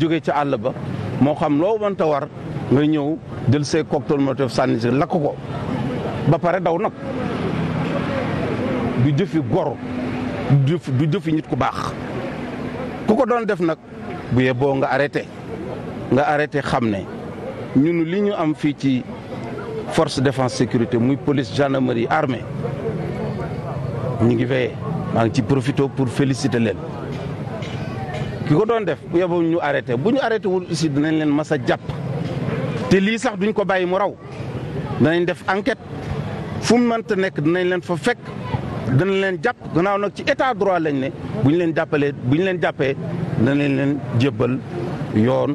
jógee ca àll ba moo xam loo wante war nga ñëw jël see cocktail molotov sànni lakk ko ba pare daw nag du jëfi gor du jëfi nit ku baax ku ko doon def nag bu yeboo nga arrêté nga arrêté xam ne ñun li ñu am fii ci force défense sécurité muy police gendarmerie armée ñu ngi veillé maa ngi ci profité pour félicité leen ki ko doon def bu yeboo ñu arrêté bu ñu arrêté wul aussi dinañ leen mas a jàpp te lii sax duñ ko bàyyi mu raw danañ def enquête fu mu mënta nekk dinañ leen fa fekk danañ leen jàpp gannaaw nag ci état droit lañ ne bu ñu leen jàppalee bu ñu leen jàppee danañ leen jébbal yoon.